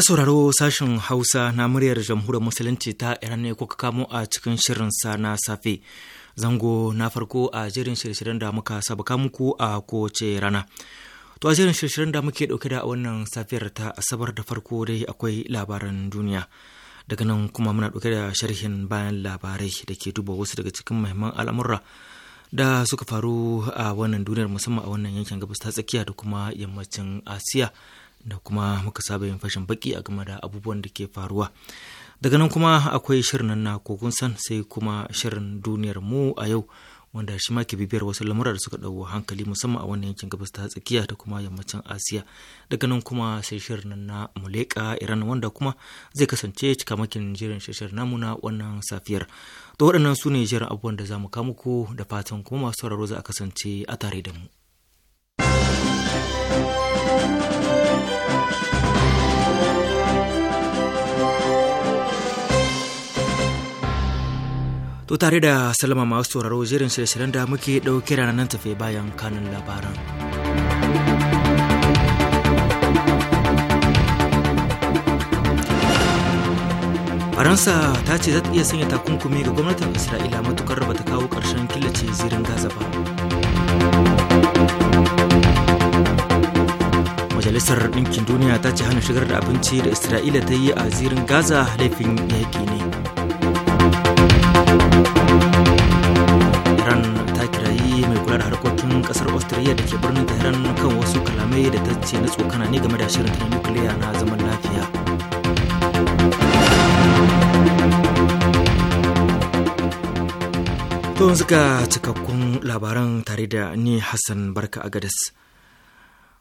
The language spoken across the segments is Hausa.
sauraro sashen Hausa na muryar jamhuriyar Musulunci ta Iran ne kuka kamo a cikin shirin sa na safe. Zango na farko a jerin shirye-shiryen da muka sabuka muku a kowace rana. To a jerin shirye da muke dauke da wannan safiyar ta asabar da farko dai akwai labaran duniya. Daga nan kuma muna dauke da sharhin bayan labarai da ke duba wasu daga cikin muhimman al'amura da suka faru a wannan duniyar musamman a wannan yankin gabas ta tsakiya da kuma yammacin Asiya. da kuma muka saba yin fashin baki a game da abubuwan da ke faruwa daga nan kuma akwai shirin na kogun san sai kuma shirin duniyar mu a yau wanda shi ma ke bibiyar wasu lamura da suka ɗau hankali musamman a wannan yankin gabas ta tsakiya da kuma yammacin asiya daga nan kuma sai shirin na muleka iran wanda kuma zai kasance cikamakin jirin shirin namu na wannan safiyar to waɗannan su ne jiran abubuwan da za mu kamuku da fatan kuma masu sauraro za a kasance a tare da mu. To tare da salama masu sauraro jerin shirye-shiryen da muke ɗauke da nan tafe bayan kanun labaran. Faransa ta ce za ta iya sanya takunkumi ga gwamnatin Isra'ila matukar ba ta kawo ƙarshen killace zirin Gaza ba. Majalisar Ɗinkin Duniya ta ce hana shigar da abinci da Isra'ila ta yi a zirin Gaza laifin yaƙi ne. iran ta kirayi mai kula da harkokin kasar austria da ke birnin tehran kan wasu kalamai da ta ce na tsokana ne game da shirin ta nukiliya na zaman lafiya to suka cikakkun labaran tare da ni hassan barka agadas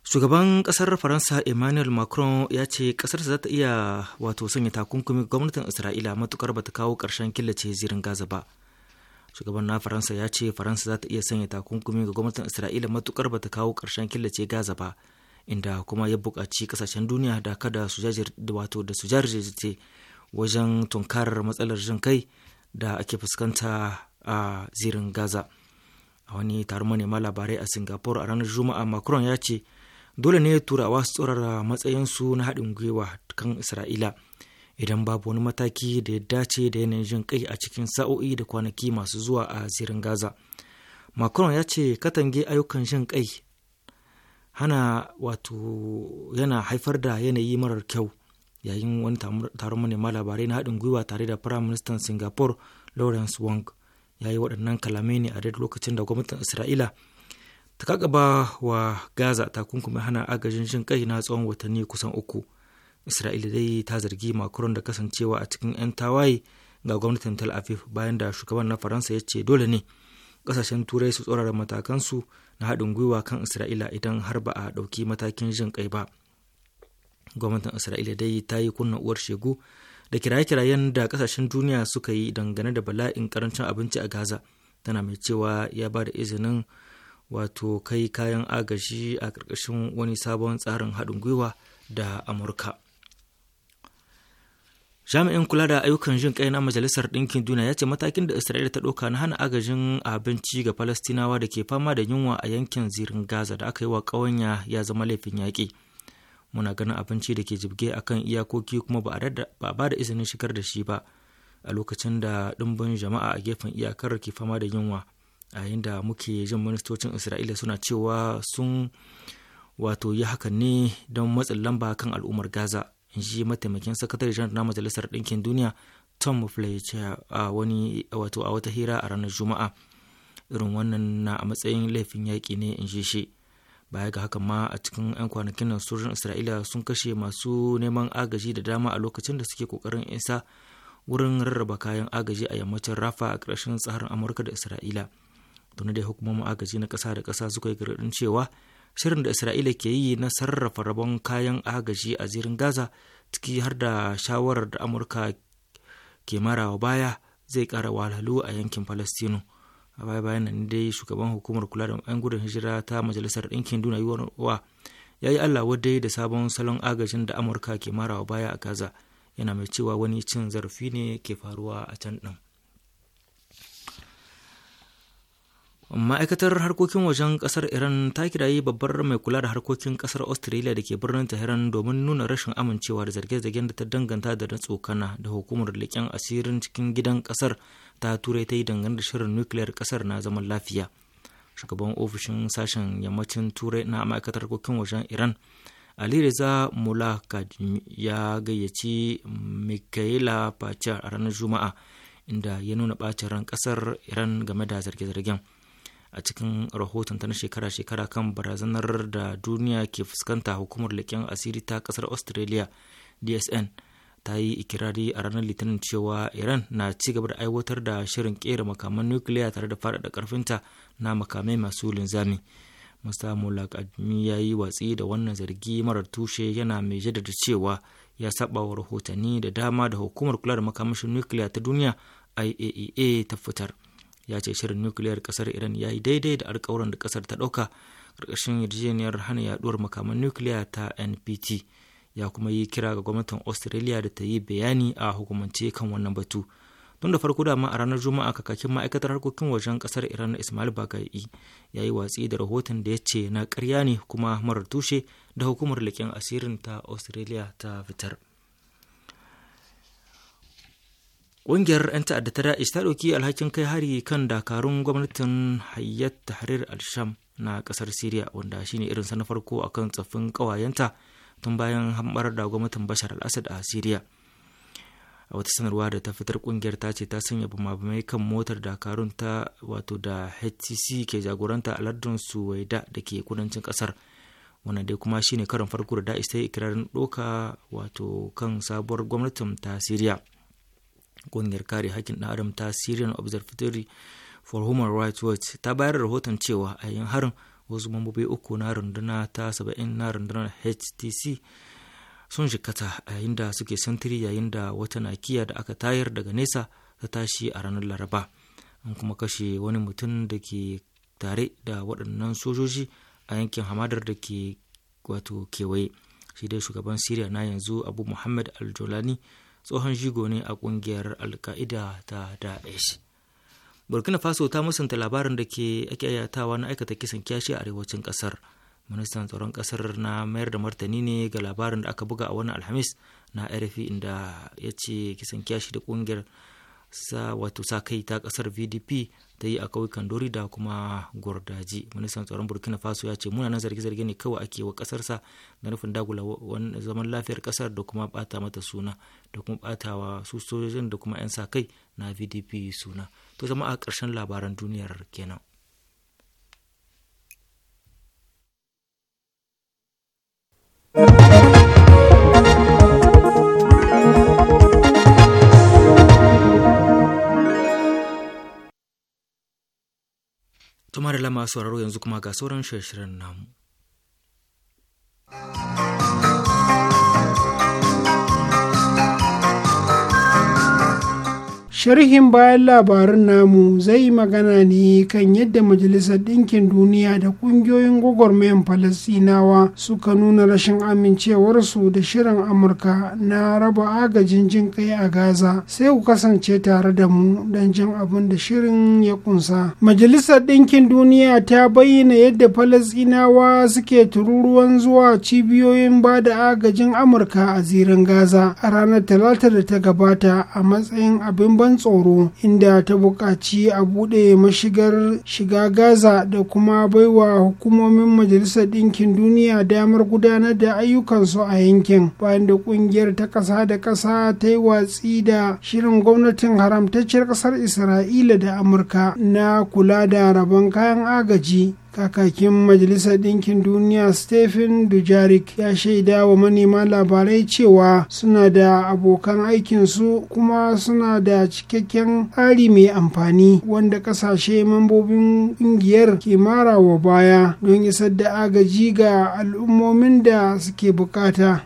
shugaban kasar faransa emmanuel macron ya ce kasar za ta iya wato sanya takunkumi gwamnatin isra'ila matukar bata kawo karshen killace zirin gaza ba shugaban na faransa ya ce faransa za ta iya sanya takunkumi ga gwamnatin isra'ila matukar bata kawo karshen killace gaza ba inda kuma ya buƙaci kasashen duniya da kada su wato da su jarjirce wajen tunkarar matsalar jin kai da ake fuskanta a zirin gaza a wani taron manema labarai a singapore a ranar juma'a macron ya ce dole ne turawa su tsorara matsayinsu na haɗin gwiwa kan isra'ila idan babu wani mataki da ya dace da yanayin jin kai a cikin sa'o'i da kwanaki masu zuwa a zirin gaza macron ya ce katange ayyukan jin kai hana wato yana haifar da yanayi marar kyau yayin wani taron manema labarai na haɗin gwiwa tare da firayim ministan singapore lawrence wong ya yi waɗannan kalamai ne a daidai lokacin da gwamnatin isra'ila ta ba wa gaza takunkumin hana agajin jin kai na tsawon watanni kusan uku isra'ila dai ta zargi macron da kasancewa a cikin 'yan tawaye ga gwamnatin tel aviv bayan da shugaban na faransa ya ce dole ne kasashen turai su tsorara matakansu na haɗin gwiwa kan isra'ila idan har ba a ɗauki matakin jin kai ba gwamnatin isra'ila dai ta yi kunna uwar shegu da kiraye-kirayen da kasashen duniya suka yi dangane da bala'in karancin abinci a gaza tana mai cewa ya ba da izinin wato kai kayan agaji a ƙarƙashin wani sabon tsarin haɗin gwiwa da amurka jami'in kula da ayyukan jin kai na majalisar ɗinkin duniya ya ce matakin da isra'ila ta ɗauka na hana agajin abinci ga falastinawa da ke fama da yunwa a yankin zirin gaza da aka yi wa ƙawanya ya zama laifin yaƙi muna ganin abinci da ke jibge a kan iyakoki kuma ba a ba da izinin shigar da shi ba a lokacin da ɗimbin jama'a a gefen iyakar ke fama da yunwa a da muke jin ministocin isra'ila suna cewa sun wato yi hakan ne don matsin lamba kan al'ummar gaza in ji mataimakin sakatare janar na majalisar ɗinkin duniya tom fletcher a wani wato a wata hira a ranar juma'a irin wannan na a matsayin laifin yaƙi ne in ji shi baya ga haka ma a cikin 'yan kwanakin nan sojojin isra'ila sun kashe masu neman agaji da dama a lokacin da suke kokarin isa wurin rarraba kayan agaji a yammacin rafa a ƙarshen tsarin amurka da isra'ila tuni dai hukumomin agaji na kasa da kasa suka yi gargaɗin cewa shirin da isra'ila ke yi na sarrafa rabon kayan agaji a zirin gaza ciki har da shawarar da amurka ke marawa baya zai kara wahalhalu a yankin palestino a baya bayan nan dai shugaban hukumar kula da 'yan gudun hijira ta majalisar ɗinkin duna wa ya yi allah wadai da sabon salon agajin da amurka ke marawa baya a gaza yana mai cewa wani cin zarafi ne ke faruwa a can ɗin ma'aikatar harkokin wajen kasar iran ta kirayi babbar mai kula da harkokin kasar australia da ke birnin tehran domin nuna rashin amincewa da zarge-zargen da ta danganta da na tsokana da hukumar leƙen asirin cikin gidan kasar ta turai ta yi dangane da shirin nukiliyar kasar na zaman lafiya shugaban ofishin sashen yammacin turai na ma'aikatar harkokin wajen iran ali reza ya gayyaci mikaela pacha a ranar juma'a inda ya nuna bacin ran kasar iran game da zarge-zargen a cikin rahoton ta na shekara-shekara kan barazanar da duniya ke fuskanta hukumar leƙen asiri ta ƙasar australia dsn ta yi ikirari a ranar litinin cewa iran na ci gaba da aiwatar da shirin kera makaman nukiliya tare da faɗaɗa ƙarfinta na makamai masu linzami musta mulak admi ya yi watsi da wannan zargi marar tushe yana mai jaddada cewa ya saba wa rahotanni da dama da hukumar kula da makamashin nukiliya ta duniya iaea e ta fitar ya ce shirin nukiliyar kasar iran ya yi daidai da alkawuran da kasar ta ɗauka karkashin yarjejeniyar hana yaduwar makaman nukiliya ta npt ya kuma yi kira ga gwamnatin australia da ta yi bayani a hukumance kan wannan batu tun da farko dama a ranar juma'a kakakin ma'aikatar harkokin wajen kasar iran ismail bagai ya yi watsi da rahoton da ya ce na karya ne kuma marar tushe da hukumar leƙen asirin ta australia ta fitar Ƙungiyar 'yan ta'adda ta Da'ish ta ɗauki alhakin kai hari kan dakarun gwamnatin Hayyat Tahrir al-Sham na ƙasar Siriya wanda shine irin na farko a kan tsaffin ƙawayenta tun bayan hambar da gwamnatin Bashar al-Assad a Siriya. A wata sanarwa da ta fitar ƙungiyar ta ce ta sanya bumabumai kan motar dakarun ta wato da HTC ke jagoranta a lardin Suwaida da ke kudancin ƙasar. Wannan dai kuma shine karin farko da Da'ish ta yi ikirarin ɗoka wato kan sabuwar gwamnatin ta Siriya. ƙungiyar kare haƙƙin ɗan adam ta syrian observatory for human rights watch ta bayar da rahoton cewa a yayin harin wasu mambobi uku na runduna ta saba'in na rundunar htc sun shikata a yayin da suke santiri yayin da wata nakiya da aka tayar daga nesa ta tashi a ranar laraba an kuma kashe wani mutum da ke tare da waɗannan sojoji a yankin hamadar da ke wato kewaye shi dai shugaban syria na yanzu abu muhammad al-jolani tsohon jigo ne a kungiyar alka'ida ta daesh burkina faso ta musanta labarin da ke ake ayatawa na aikata kisan kyashi a arewacin kasar ministan tsaron kasar na mayar da martani ne ga labarin da aka buga a wannan alhamis na rfi inda ya ce kisan kyashi da kungiyar. sa wato sa kai ta kasar vdp ta yi a kauyukan dori da kuma gordaji ministan tsaron burkina faso ya ce muna zarge-zarge ne kawai ake wa kasarsa na nufin dagula zaman lafiyar kasar da kuma bata mata suna da kuma batawa su sojojin da kuma 'yan sa kai na vdp suna to zama a ƙarshen labaran duniyar kenan Tumar lama sauraro yanzu kuma ga sauran shirye-shiryen namu. sharhin bayan labarin namu zai yi magana ne kan yadda majalisar ɗinkin duniya da ƙungiyoyin gwagwarmayan falasinawa suka nuna rashin amincewarsu da shirin amurka na raba agajin jin kai a gaza sai ku kasance tare da mu don jin abin da shirin ya kunsa majalisar ɗinkin duniya ta bayyana yadda falasinawa suke tururuwan zuwa cibiyoyin ba da agajin amurka a zirin gaza a ranar talata da ta gabata a matsayin abin ban tsoro inda ta buƙaci a buɗe mashigar shiga gaza da kuma baiwa hukumomin majalisar ɗinkin duniya damar gudanar da ayyukansu a yankin bayan da ƙungiyar ta ƙasa da ƙasa ta yi watsi da shirin gwamnatin haramtacciyar ƙasar isra'ila da amurka na kula da rabon kayan agaji kakakin majalisar ɗinkin duniya stephen dujarik ya shaida wa manema labarai cewa suna da abokan aikinsu kuma suna da cikakken tsari mai amfani wanda ƙasashe mambobin ƙungiyar ke mara wa baya don isar da agaji ga al'ummomin da suke bukata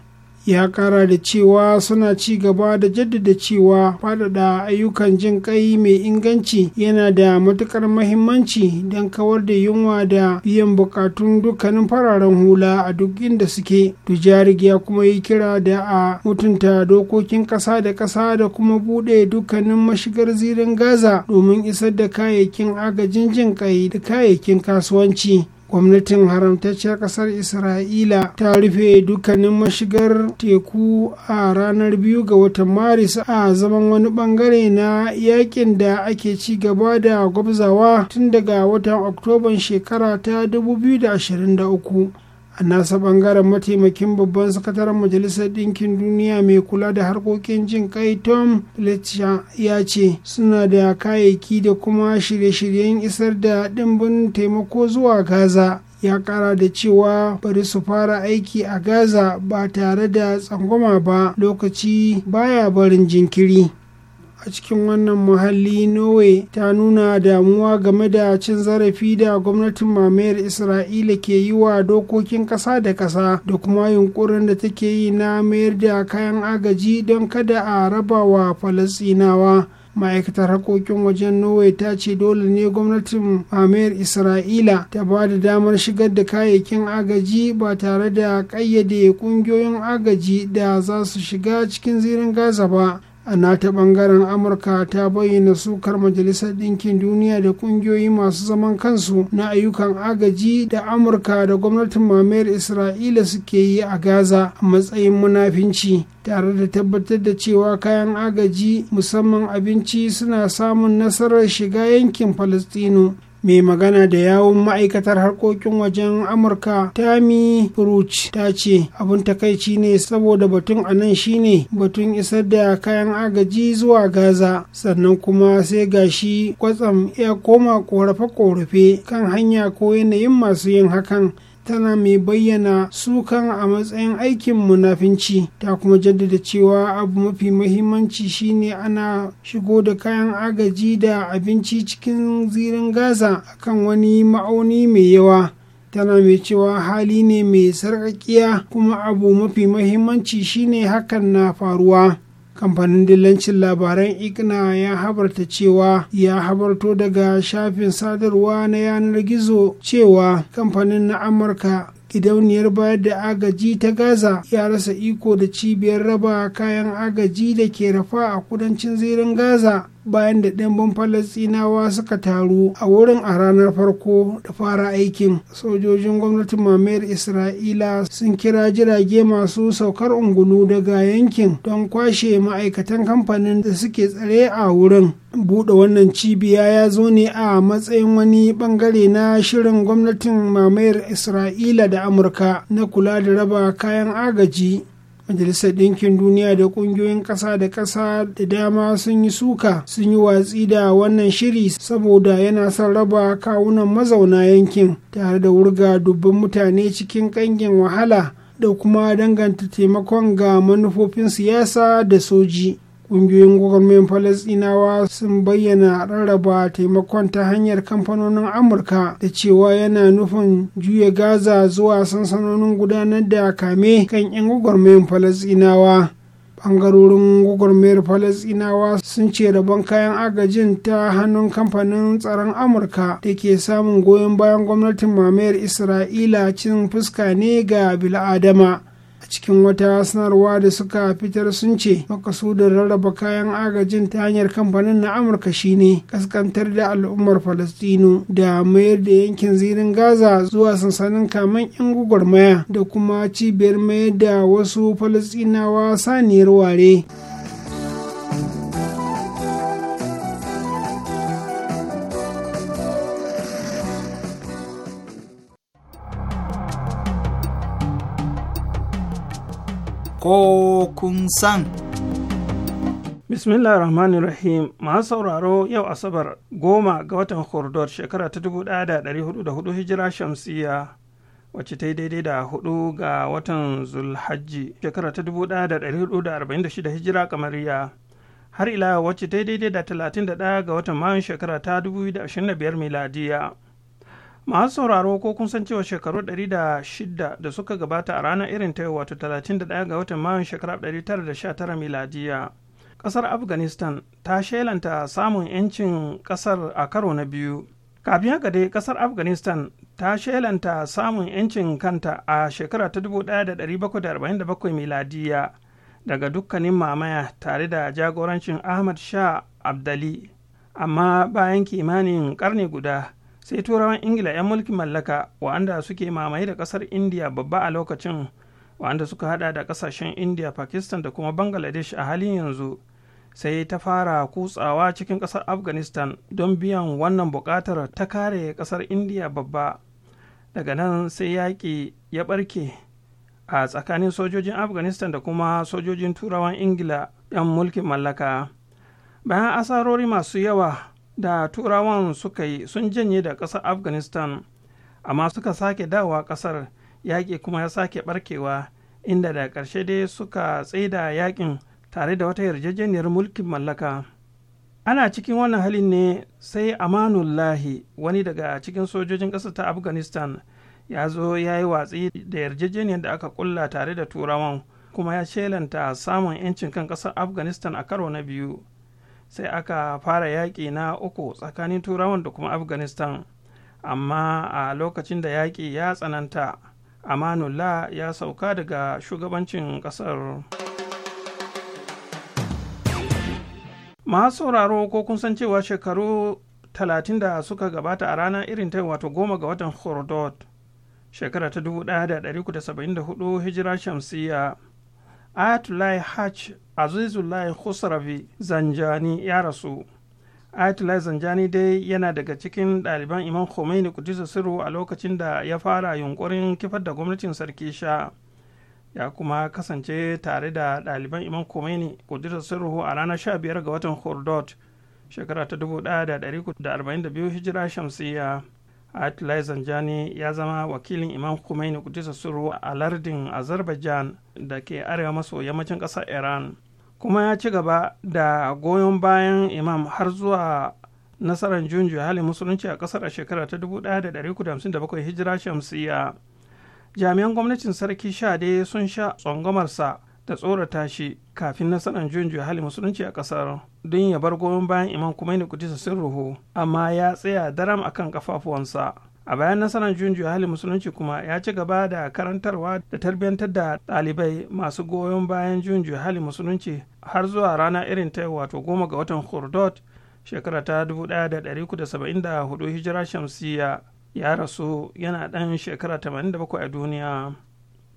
ya kara da cewa suna ci gaba da jaddada cewa faɗaɗa ayyukan jin ƙai mai inganci yana da matuƙar mahimmanci don kawar da yunwa da biyan bukatun dukkanin fararen hula a duk inda suke dujarig ya kuma yi kira da a mutunta dokokin ƙasa da ƙasa da kuma buɗe dukkanin mashigar zirin gaza domin isar da kayayyakin agajin jin ƙai da kayayyakin kasuwanci gwamnatin haramtacciyar kasar isra'ila ta rufe dukkanin mashigar teku a ranar biyu ga watan maris a zaman wani bangare na yakin da ake ci gaba da gwabzawa tun daga watan oktoban shekara ta 2023 a nasa bangaren mataimakin babban sakataren majalisar ɗinkin duniya mai kula da harkokin jin kai tom fletcher ya ce suna da kayayyaki da kuma shirye-shiryen isar da ɗimbin taimako zuwa gaza ya kara da cewa bari su fara aiki a gaza ba tare da tsangwama ba lokaci baya barin jinkiri a cikin wannan muhalli norway ta nuna damuwa game da cin zarafi da gwamnatin mamayar isra'ila ke yi wa dokokin kasa da kasa da kuma yunkurin da take yi na mayar da kayan agaji don kada a raba wa falasinawa ma'aikatar harkokin wajen norway ta ce dole ne gwamnatin mamayar isra'ila ta ba da damar shigar da kayayyakin agaji ba tare da kayyade ƙungiyoyin agaji da za su shiga cikin zirin gaza ba a nata bangaren amurka ta bayyana sukar majalisar ɗinkin duniya da ƙungiyoyi masu zaman kansu na ayyukan agaji da amurka da gwamnatin mamayar isra'ila suke yi a gaza a matsayin munafinci tare da tabbatar da cewa kayan agaji musamman abinci suna samun nasarar shiga yankin falastinu mai magana da yawon ma'aikatar harkokin wajen amurka Tami fruch ta ce abin takaici ne saboda batun a nan shine batun isar da kayan agaji zuwa gaza sannan kuma sai gashi kwatsam ya koma korafe-korafe kan hanya ko yanayin masu yin hakan tana mai bayyana sukan a matsayin aikin munafinci ta kuma jaddada cewa abu mafi mahimmanci shine ana shigo da kayan agaji da abinci cikin zirin gaza akan wani ma'auni mai yawa tana mai cewa hali ne mai sarƙaƙiya kuma abu mafi mahimmanci shine hakan na faruwa kamfanin dillancin labaran igna ya habarta cewa ya habarto daga shafin sadarwa na yanar gizo cewa kamfanin na amurka gidauniyar bayar da agaji ta gaza ya rasa iko da cibiyar raba kayan agaji da ke rafa a kudancin zirin gaza bayan da ɗimbin falasinawa suka taru a wurin a ranar farko da fara aikin sojojin gwamnatin mamayar isra'ila sun kira jirage masu saukar ungulu daga yankin don kwashe ma'aikatan kamfanin da suke tsare a wurin buɗe wannan cibiya ya zo ne a matsayin wani bangare na shirin gwamnatin mamayar isra'ila da amurka na kula da raba kayan agaji majalisar ɗinkin duniya da ƙungiyoyin ƙasa da ƙasa da dama sun yi suka sun yi watsi da wannan shiri saboda yana son raba kawunan mazauna yankin tare da wurga dubban mutane cikin ƙangin wahala da kuma danganta taimakon ga manufofin siyasa da soji ƙungiyoyin gwagwarmayin falasɗinawa sun bayyana rarraba taimakon ta hanyar kamfanonin amurka da cewa yana nufin juya gaza zuwa sansanonin gudanar da kame kan 'yan gwagwarmayin falasɗinawa bangarorin gwagwarmayar falasinawa sun ce rabon kayan agajin ta hannun kamfanin tsaron amurka da ke samun goyon bayan gwamnatin mamayar isra'ila cin fuska ne ga bil'adama cikin wata sanarwa da suka fitar sun ce makasudin rarraba kayan agajin ta hanyar kamfanin na amurka shine kaskantar da al'ummar falastinu da mayar da yankin zirin gaza zuwa sansanin kaman yan gwagwarmaya da kuma cibiyar mayar da wasu falastinawa saniyar ware. ko kun san. Bismillah Rahman Rahim masu sauraro yau Asabar goma ga watan Hordor shekara ta dubu ɗaya da ɗari hudu da hudu hijira shamsiya wacce ta yi daidai da hudu ga watan Zulhajji shekara ta dubu ɗaya da ɗari hudu da arba'in da shida hijira kamariya har ila wacce ta yi daidai da talatin da ɗaya ga watan Mayun shekara ta dubu da ashirin da biyar miladiya. masu sauraro ko kun san cewa shekaru 106 da suka gabata a ranar irin ta wato 31 ga watan mayun shekarar 1919 miladiya kasar afghanistan ta shelanta samun 'yancin kasar a karo na biyu kafin haka dai kasar afghanistan ta shelanta samun 'yancin kanta a shekara ta 1747 miladiya daga dukkanin mamaya tare da jagorancin ahmad shah abdali amma bayan kimanin karni guda sai turawan ingila 'yan mulkin mallaka wa'anda suke mamaye da kasar indiya babba a lokacin wa'anda suka hada da kasashen indiya pakistan da kuma bangladesh a halin yanzu sai ta fara kutsawa cikin kasar afghanistan don biyan wannan bukatar ta kare kasar indiya babba daga nan sai yaƙi ya barke a tsakanin sojojin afghanistan da kuma sojojin turawan ingila 'yan mulkin mallaka bayan asarori masu yawa da turawan suka yi sun janye da ƙasar afghanistan amma suka sake dawa ƙasar yaƙi kuma ya sake ɓarkewa inda da ƙarshe dai suka tsaida yaƙin tare da wata yarjejeniyar mulkin mallaka ana cikin wannan halin ne sai amanullahi wani daga cikin sojojin ƙasar ta afghanistan ya zo ya yi watsi da yarjejeniyar da aka kulla tare da turawan kuma ya shelanta samun 'yancin kan ƙasar afghanistan a karo na biyu sai aka fara yaƙi na uku tsakanin turawan da kuma afghanistan amma a lokacin da yaƙi ya tsananta amanullah ya sauka daga shugabancin ƙasar masu sauraro ko kun san cewa shekaru talatin da suka gabata a rana irin ta wato goma ga watan hordot shekara ta 1974 hijira shamsiya ayatollah hajj azizullahi khusrafi zanjani ya rasu ayatullahi zanjani dai yana daga cikin ɗaliban imam khomeini kudisa sirru a lokacin da ya fara yunkurin kifar da gwamnatin sarki sha ya kuma kasance tare da ɗaliban imam khomeini kudisa sirru a ranar 15 ga watan hordot shekara ta 1442 hijira shamsiyya ayatullahi Zanjani ya zama wakilin Imam Khomeini Kudisa sirru a lardin Azerbaijan da ke arewa maso yammacin ƙasar Iran. kuma ya ci gaba da goyon bayan imam har zuwa nasarar junju halin musulunci a kasar a shekara ta 1957 hijira shamsiya jami'an gwamnatin sarki shade sun sha tsangwamarsa da tsorata shi kafin nasarar junju halin musulunci a kasar don ya bar goyon bayan imam kuma ne kudisa sun ruhu amma ya tsaya daram akan kafafuwansa a bayan nasarar junju halin musulunci kuma ya ci gaba da karantarwa da tarbiyyantar da ɗalibai masu goyon bayan junju halin musulunci har zuwa rana irin ta wato goma ga watan hurdot shekara ta 1974 hijira shamsiya ya rasu yana ɗan shekara 87 a duniya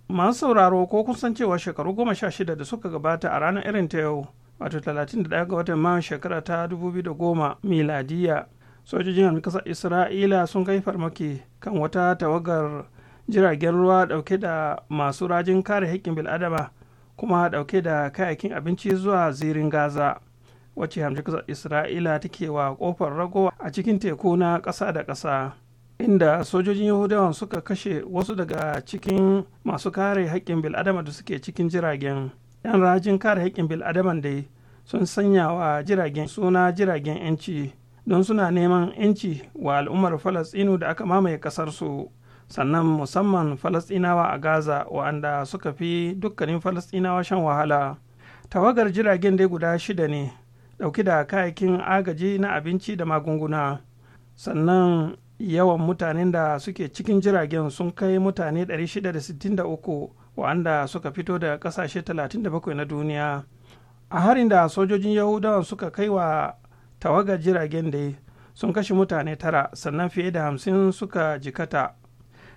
masu sauraro ko kusan cewa shekaru goma sha shida da suka gabata a ranar irin ta yau wato 31 ga watan mayu shekara ta 2010 miladiya sojojin kasar isra'ila sun kai farmaki kan wata tawagar jiragen ruwa dauke da masu rajin kare haƙƙin bil'adama kuma ɗauke da kayakin abinci zuwa zirin gaza wacce hamshin isra'ila take wa kofar ragowa a cikin teku na ƙasa da ƙasa inda sojojin yahudawan suka kashe wasu daga cikin masu kare haƙƙin bil'adama da suke cikin jiragen yan rajin kare haƙƙin bil'adama dai sun sanya wa jiragen suna jiragen 'yanci don suna neman 'yanci wa al'ummar falasɗinu da aka mamaye ƙasarsu. sannan musamman falasɗinawa a gaza wa'anda suka fi dukkanin falasɗinawa shan wahala tawagar jiragen dai guda shida ne ɗauki da kayakin agaji na abinci da magunguna sannan yawan mutanen da suke cikin jiragen sun kai mutane 663 waɗanda suka fito da ƙasashe 37 na duniya a harin da sojojin yahudawa suka kai wa tawagar jiragen dai sun kashe mutane tara sannan fiye da hamsin suka jikata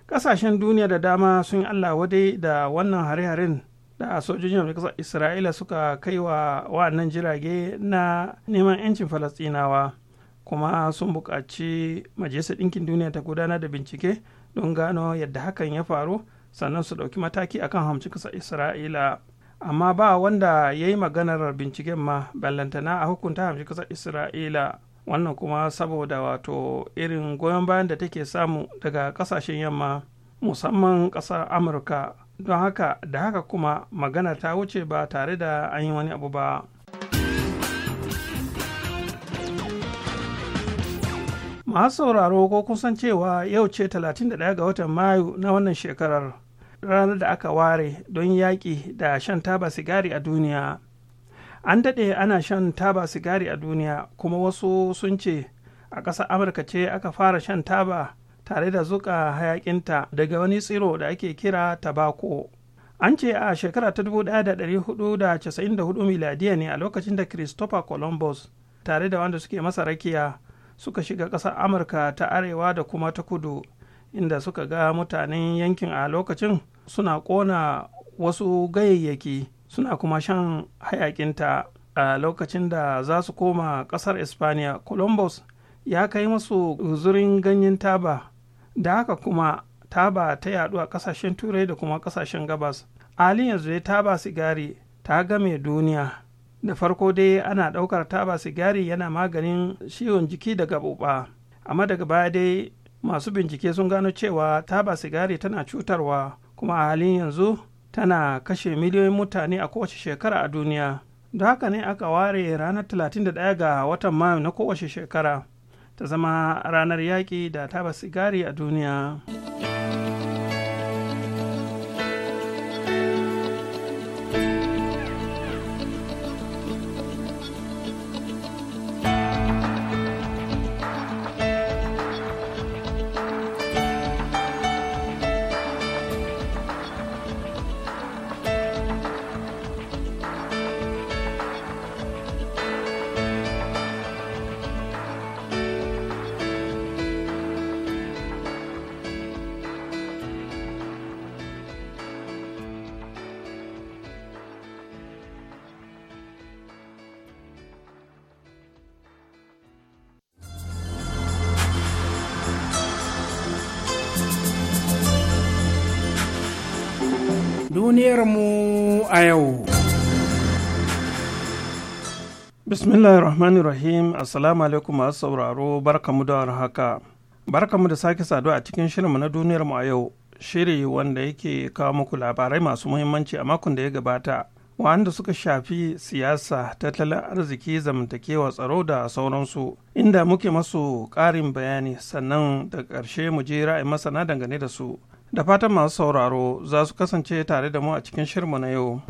kasashen duniya da dama sun yi allah wadai da wannan hare-haren da sojojin amurka isra'ila suka kai wa wannan jirage na neman 'yancin falastinawa kuma sun buƙaci majalisar ɗinkin duniya ta gudanar da bincike don gano yadda hakan ya faru sannan su ɗauki mataki akan hamci ƙasar isra'ila amma ba wanda ya yi maganar binciken ma ballantana a hukunta hamci ƙasar isra'ila wannan kuma saboda wato irin goyon bayan da take samu daga kasashen yamma musamman ƙasar amurka don haka da haka kuma magana ta wuce ba tare da an yi wani abu ba masu sauraro ko kusan cewa yau ce 31 ga watan mayu na wannan shekarar ranar da aka ware don yaƙi da shan taba sigari a duniya an daɗe ana shan taba sigari a duniya kuma wasu sun ce a ƙasar amurka ce aka fara shan taba tare da zuƙa hayaƙinta daga wani tsiro da ake kira tabako an ce a shekara ta 1494 miladiya ne a lokacin da christopher columbus tare da wanda suke masa rakiya suka shiga ƙasar amurka ta arewa da kuma ta kudu inda suka ga mutanen yankin a lokacin suna ƙona wasu gayayyaki suna kuma shan hayakinta a lokacin da za su koma ƙasar espaniya Columbus ya kai masu zuzurin ganyen taba, da haka kuma taba ta yaɗu a ƙasashen Turai da kuma ƙasashen Gabas. Ali yanzu ya taba sigari ta game duniya. Da farko dai ana ɗaukar taba sigari yana maganin ciwon jiki daga gaɓoɓa, amma daga baya dai masu bincike sun gano cewa taba sigari tana cutarwa kuma a halin yanzu tana kashe miliyoyin mutane a kowace shekara a duniya da haka ne aka ware ranar 31 ga watan mayu na kowace shekara ta zama ranar yaƙi da taba sigari a duniya. duniyarmu a yau. Bismillahir Rahmanir Rahim, Assalamu alaikum masu sauraro, barkamu da haka. Barkamu da sake saduwa a cikin shirin mu na duniyar mu a yau, shiri wanda yake kawo muku labarai masu muhimmanci a makon da ya gabata, wanda suka shafi siyasa, tattalin arziki, zamantakewa, tsaro da sauransu, inda muke masu ƙarin bayani sannan da ƙarshe mu je ra'ayin masana dangane da su. da fatan masu sauraro za su kasance tare da mu a cikin shirmu na yau.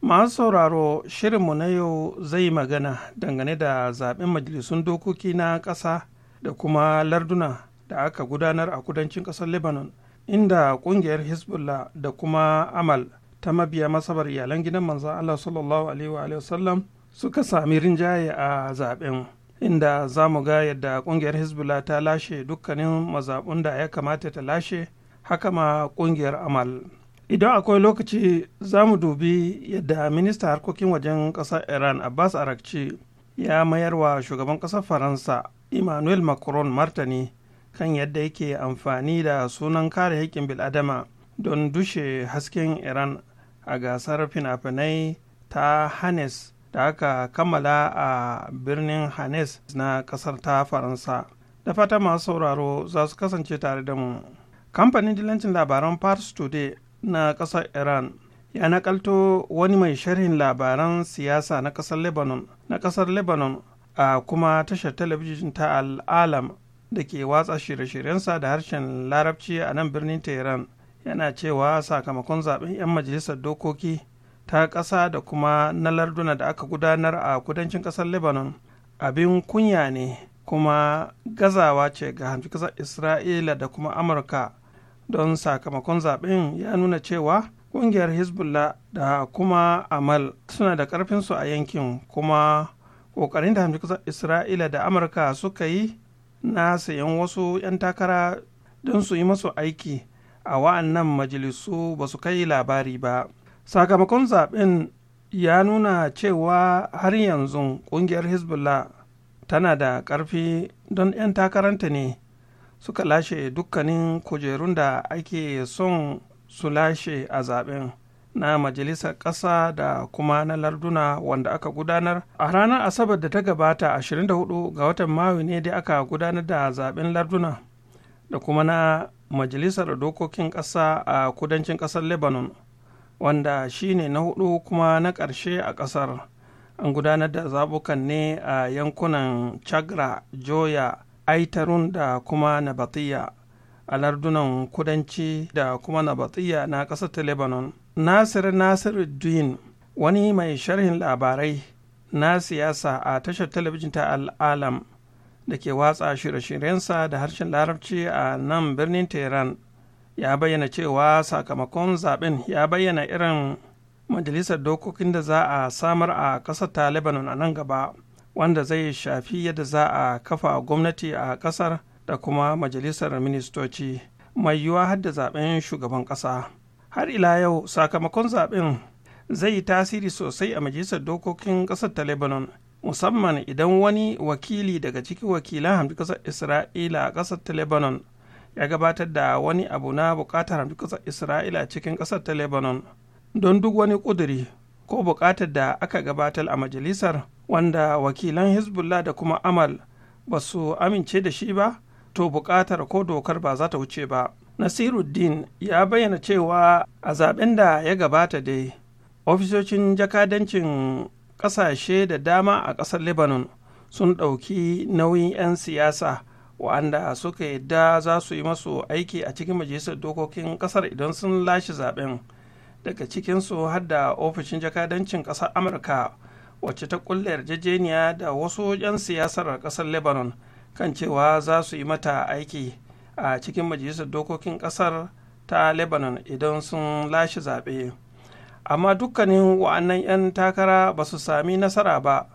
masu sauraro shirinmu na yau zai magana dangane da zaɓen majalisun dokoki na ƙasa da kuma larduna da aka gudanar a kudancin ƙasar lebanon inda ƙungiyar hezbollah da kuma amal ta mabiya masabar iyalan gidan manzan allah sallallahu alaihi wa suka sami rinjaye a zaɓen inda za mu ga yadda kungiyar hezbollah ta lashe dukkanin mazaɓun da ya kamata ta lashe haka ma kungiyar amal idan akwai lokaci za mu dubi yadda minista harkokin wajen ƙasar iran abbas arakci ya mayar wa shugaban ƙasar faransa emmanuel macron martani kan yadda yake amfani da sunan kare haƙƙin bil'adama don dushe hasken iran a gasar fina-finai ta hannes da aka kammala a birnin hannes na kasar ta faransa da fata masu sauraro za su kasance tare da mu kamfanin dilancin labaran pars today na kasar iran ya nakalto wani mai sharhin labaran siyasa na kasar lebanon na kasar lebanon a kuma tashar talabijin ta al'alam da ke watsa shirye-shiryensa da harshen larabci a nan birnin tehran yana cewa sakamakon zaben 'yan majalisar dokoki ta ƙasa da kuma na larduna da aka gudanar a kudancin ƙasar lebanon abin kunya ne kuma gazawa ce ga hamshi ƙasar isra'ila da kuma amurka don sakamakon zaɓen ya nuna cewa ƙungiyar hezbollah da kuma amal suna da ƙarfinsu a yankin kuma ƙoƙarin da hamshi ƙasar isra'ila da amurka suka yi na sayan wasu 'yan takara don su yi masu aiki a wa'annan majalisu ba su kai labari ba. sakamakon zaben ya nuna cewa har yanzu kungiyar hezbollah tana da ƙarfi don 'yan takaranta ne suka lashe dukkanin kujerun da ake son su lashe a zaben na majalisar ƙasa da kuma na larduna wanda aka gudanar a ranar asabar da ta gabata 24 ga watan mayu ne da aka gudanar da zaben larduna da kuma na majalisar dokokin ƙasa a kudancin ƙasar lebanon wanda shi ne na hudu kuma na ƙarshe a ƙasar an gudanar da zabukan ne a yankunan chagra joya aitarun da kuma nabatiya a lardunan kudanci da kuma nabatiya na ƙasar ta lebanon nasir duin wani mai sharhin labarai na siyasa a tashar talabijin ta al'alam da ke watsa shirye-shiryensa da harshen larabci a nan birnin tehran ya bayyana cewa sakamakon zaben ya bayyana irin majalisar dokokin da za a samar a ƙasar ta lebanon a nan gaba wanda zai shafi yadda za a kafa gwamnati a ƙasar da kuma majalisar ministoci mai yiwuwa hadda zaben shugaban ƙasa har ila yau sakamakon zaben zai yi tasiri sosai a majalisar dokokin ƙasar ta lebanon musamman idan wani wakili daga cikin wakilan hamdu ƙasar isra'ila a ƙasar ta lebanon ya gabatar da wani abu na bukatar hamdu isra'ila cikin ƙasar ta lebanon don duk wani ƙuduri ko bukatar da aka gabatar a majalisar wanda wakilan hezbollah da kuma amal ba su amince da shi ba to bukatar ko dokar ba za ta wuce ba nasiruddin ya bayyana cewa a zaben da ya gabata dai ofisoshin jakadancin ƙasashe da dama a ƙasar lebanon sun ɗauki nauyin 'yan siyasa wa'anda suka yadda za su yi masu aiki a cikin majalisar dokokin kasar idan sun lashe zaben daga cikinsu har da ofishin jakadancin kasar amurka wacce ta kulle yarjejeniya da wasu 'yan siyasar kasar lebanon kan cewa za su yi mata aiki a cikin majalisar dokokin kasar ta lebanon idan sun lashe zaɓe amma dukkanin wa'annan 'yan takara ba su sami nasara ba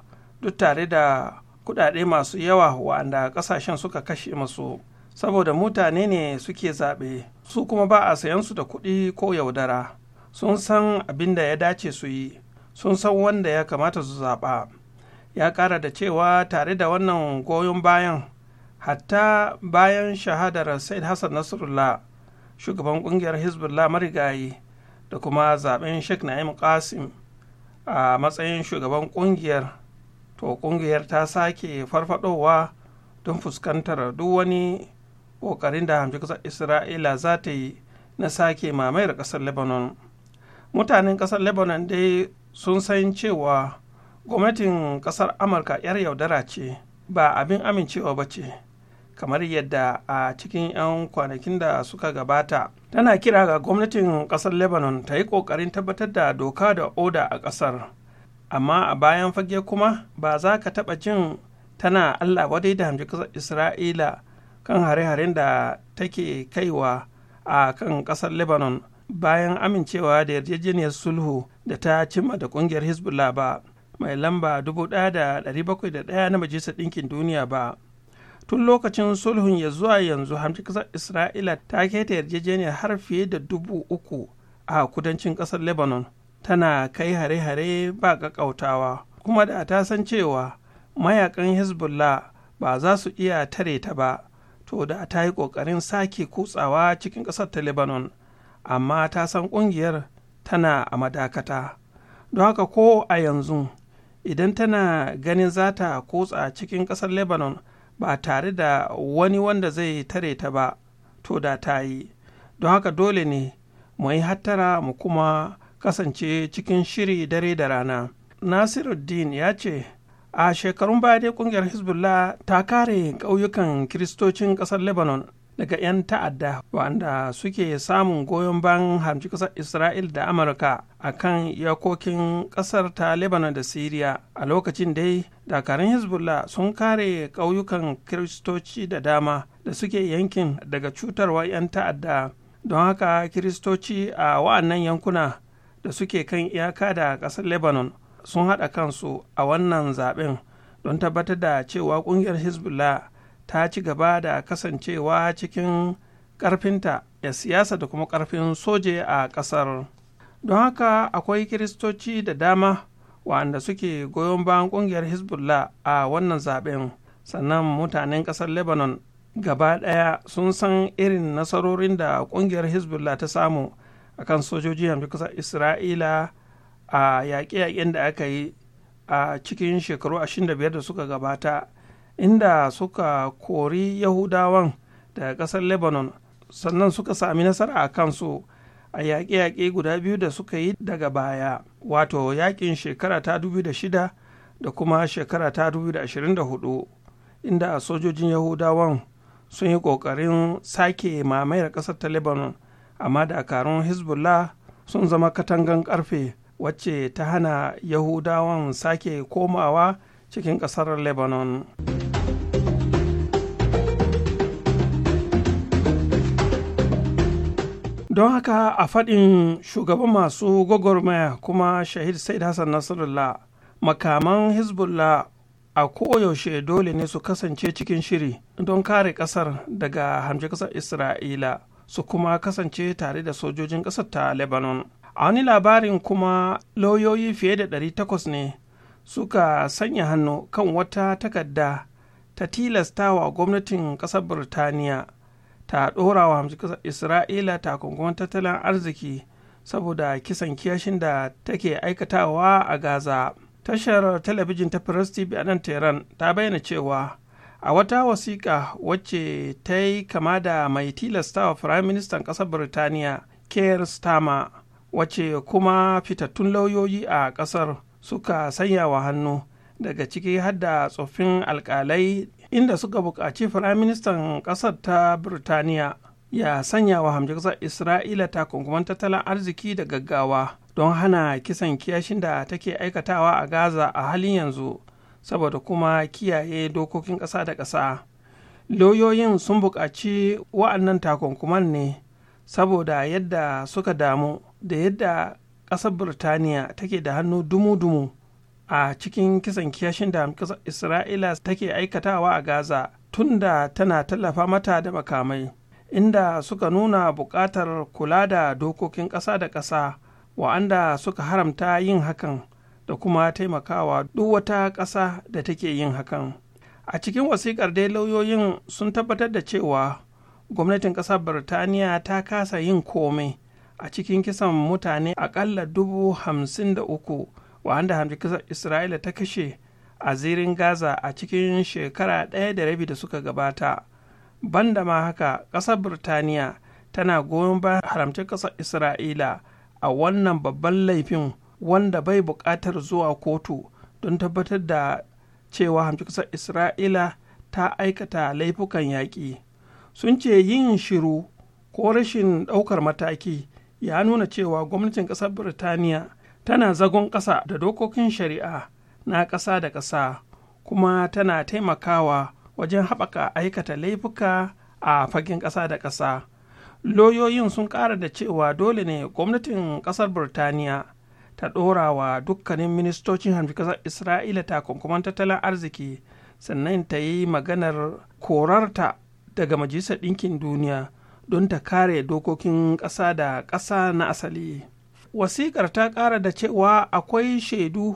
duk tare da kudade masu yawa wa'anda kasashen suka kashe masu saboda mutane ne suke zaɓe su kuma ba a sayan su da kuɗi ko yaudara sun san abin da ya dace su yi sun san wanda ya kamata su zaɓa ya ƙara da cewa tare da wannan goyon bayan hatta bayan shahadar said hassan nasrullah shugaban ƙungiyar hezbollah marigayi da kuma zaɓen sheikh na'im qasim a matsayin shugaban ƙungiyar to kungiyar ta sake farfadowa don fuskantar duk wani kokarin da hamji kasar isra'ila za ta yi na sake mamayar kasar lebanon mutanen kasar lebanon dai sun san cewa gwamnatin kasar amurka yar yaudara ce ba abin amincewa ba ce kamar yadda a cikin 'yan kwanakin da suka gabata tana kira ga gwamnatin kasar lebanon ta yi kokarin tabbatar da doka da oda a kasar amma a bayan fage kuma ba za ka taɓa jin tana allah wadai da hamji ƙasar isra'ila kan hare-haren da take kaiwa a kan ƙasar lebanon bayan amincewa da yarjejeniyar sulhu da ta cimma da ƙungiyar hezbollah ba mai lamba da 1701 na majalisar ɗinkin duniya ba tun lokacin sulhun ya zuwa yanzu hamji ƙasar isra'ila ta keta yarjejeniyar har fiye da dubu uku a kudancin ƙasar lebanon tana kai hare-hare ba ƙaƙautawa kuma da ta san cewa mayakan hezbollah ba za su iya tare ta ba to da ta yi ƙoƙarin sake kutsawa cikin ƙasar ta lebanon amma ta san ƙungiyar tana a madakata don haka ko a yanzu idan tana ganin za ta kutsa cikin ƙasar lebanon ba tare da wani wanda zai tare ta ba to da ta yi don haka dole ne mu yi hattara mu kuma kasance cikin shiri dare da rana nasiruddin ya ce a shekarun baya dai kungiyar hezbollah ta kare ƙauyukan kiristocin ƙasar lebanon daga 'yan ta'adda wanda suke samun goyon ban hamci ƙasar isra'il da amurka a kan yakokin ƙasar ta lebanon da syria a lokacin dai dakarun hezbollah sun kare ƙauyukan kiristoci da dama da suke yankin daga cutarwa 'yan ta'adda don haka kiristoci a wa'annan yankuna da suke kan iyaka da ƙasar lebanon sun haɗa kansu a wannan zaɓen don tabbatar da cewa ƙungiyar hezbollah ta ci gaba da kasancewa cikin ƙarfinta da siyasa da kuma ƙarfin soje a ƙasar don haka akwai kiristoci da dama waɗanda suke goyon bayan ƙungiyar hezbollah a wannan zaɓen sannan mutanen ƙasar lebanon gaba ɗaya sun san irin nasarorin da ƙungiyar hezbollah ta samu akan sojoji hamsin kusa isra'ila a yaƙe-yaƙen da aka yi a cikin shekaru 25 da suka gabata inda suka kori yahudawan daga ƙasar lebanon sannan suka sami nasara a kansu a yaƙe-yaƙe guda biyu da suka yi daga baya wato yaƙin shekara ta 2006 da kuma shekara ta 2024 inda sojojin yahudawan sun yi ƙoƙarin sake mamayar ƙasar ta lebanon amma dakarun hezbollah sun zama katangan karfe wacce ta hana yahudawan sake komawa cikin kasar lebanon don haka a faɗin shugaban masu gwagwarmaya kuma shahid said hassan nasrullah makaman hezbollah a koyaushe dole ne su kasance cikin shiri don kare ƙasar daga hamshe ƙasar isra'ila su kuma kasance tare da sojojin ƙasar ta lebanon a wani labarin kuma lauyoyi fiye da 800 ne suka sanya hannu kan wata takarda ta tilastawa gwamnatin ƙasar birtaniya ta ɗora wa Isra'ila ta isra'ila takunkuman tattalin arziki saboda kisan kiyashin da take aikatawa a gaza tashar talabijin ta press tv a nan tehran ta bayyana cewa a wata wasiƙa wacce ta yi kama da mai tilastawa Ministan ƙasar birtaniya keir starmer wacce kuma fitattun lauyoyi a ƙasar suka sanya wa hannu daga ciki hadda tsoffin alƙalai, inda suka buƙaci Firayim Ministan ƙasar ta birtaniya ya sanya wa hamjikasar isra'ila takunkuman tattalin arziki da gaggawa don hana kisan kiyashin da take aikatawa a gaza a halin yanzu saboda kuma kiyaye dokokin ƙasa da ƙasa lauyoyin sun buƙaci wa'annan takunkuman ne saboda yadda suka damu da yadda ƙasar birtaniya take da hannu dumu-dumu a cikin kisan kiyashin da isra'ila take aikatawa a gaza tunda tana tallafa mata da makamai inda suka nuna buƙatar kula da dokokin ƙasa da ƙasa wa'anda suka haramta yin hakan da kuma taimakawa duk wata ƙasa da take yin hakan a cikin wasiƙar dai lauyoyin sun tabbatar da cewa gwamnatin ƙasar birtaniya ta kasa yin komai a cikin kisan mutane aƙalla dubu hamsin da uku wanda hamdukasar isra'ila ta kashe a zirin gaza a cikin shekara ɗaya da rabi da suka gabata banda ma haka ƙasar birtaniya tana goyon ba haramcin ƙasar isra'ila a wannan babban laifin wanda bai buƙatar zuwa kotu don tabbatar da cewa hamshiksar isra'ila ta aikata laifukan yaƙi sun ce yin shiru ko rashin ɗaukar mataki ya nuna cewa gwamnatin ƙasar birtaniya tana zagon ƙasa da dokokin shari'a na ƙasa da ƙasa kuma tana taimakawa wajen haɓaka aikata laifuka a fagen ƙasa da ƙasa. Loyoyin sun ƙara da cewa dole ne gwamnatin ƙasar Birtaniya. ta ɗora wa dukkanin ministocin hanfikasar isra'ila takunkuman tattalin arziki sannan ta yi maganar korarta daga majalisar ɗinkin duniya don ta kare dokokin ƙasa da ƙasa na asali wasiƙar ta ƙara da cewa akwai shaidu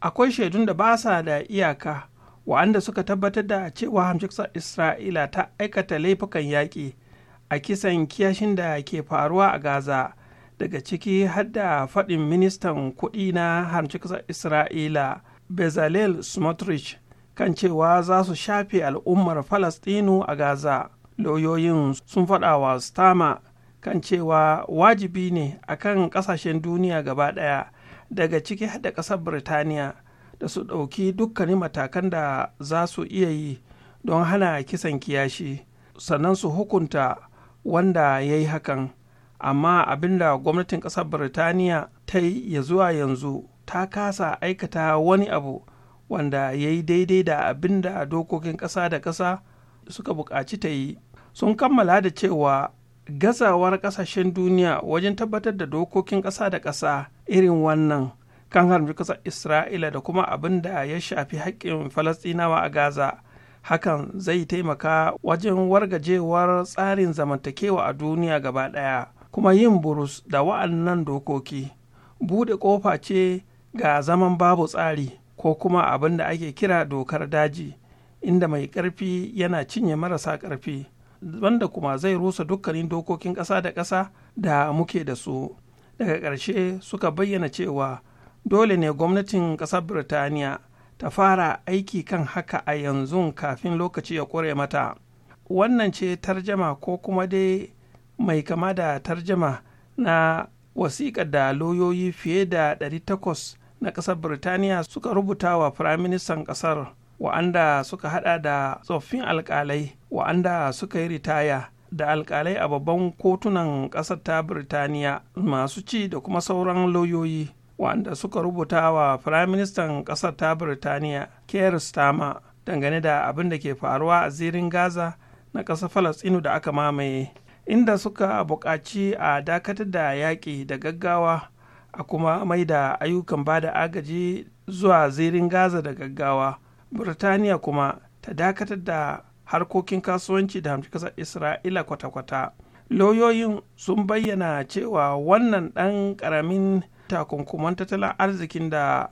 akwai shaidun da ba sa da iyaka wa'anda suka tabbatar da cewa hamshiksar isra'ila ta aikata laifukan yaƙi a kisan kiyashin da ke faruwa a gaza daga ciki hadda faɗin ministan kuɗi na harci ƙasar isra'ila bezalel smotrich kan cewa za su shafe al'ummar falastinu a gaza lauyoyin sun faɗa wa stama kan cewa wajibi ne a kan ƙasashen duniya gaba ɗaya daga ciki hadda ƙasar birtaniya da su ɗauki dukkanin matakan da za su iya yi don hana kisan kiyashi sannan su hukunta wanda ya yi hakan amma abin da gwamnatin ƙasar birtaniya ta yi ya zuwa yanzu ta kasa aikata wani abu wanda ya yi daidai da abin da dokokin ƙasa da ƙasa suka buƙaci ta yi sun kammala da cewa gazawar ƙasashen duniya wajen tabbatar da dokokin ƙasa da ƙasa irin wannan kan harbi ƙasar isra'ila da kuma abin da ya shafi haƙƙin falasɗinawa a gaza hakan zai taimaka wajen wargajewar tsarin zamantakewa a duniya gaba ɗaya kuma yin burus da wa'annan dokoki buɗe ƙofa ce ga zaman babu tsari ko kuma abin da ake kira dokar daji inda mai ƙarfi yana cinye marasa ƙarfi wanda kuma zai rusa dukkanin dokokin ƙasa da ƙasa da muke da su daga ƙarshe suka bayyana cewa dole ne gwamnatin ƙasar birtaniya ta fara aiki kan haka a yanzu kafin lokaci ya ƙware mata wannan ce tarjama ko kuma dai mai kama da tarjama na wasiƙar da lauyoyi fiye da 800 na ƙasar birtaniya suka rubuta wa firaministan ƙasar wa'anda suka haɗa da tsoffin alƙalai wa'anda suka yi ritaya da alƙalai a babban kotunan ƙasar ta birtaniya masu ci da kuma sauran lauyoyi wa'anda suka rubuta wa firaministan ƙasar ta birtaniya keir starmer dangane da abin da ke faruwa a zirin gaza na ƙasar falastinu da aka mamaye inda suka buƙaci a dakatar da yaƙi da gaggawa a kuma mai da ayyukan ba da agaji zuwa zirin gaza da gaggawa birtaniya kuma ta dakatar da harkokin kasuwanci da hamci kasar isra'ila kwata-kwata lauyoyin sun bayyana cewa wannan ɗan karamin takunkuman tattalin arzikin da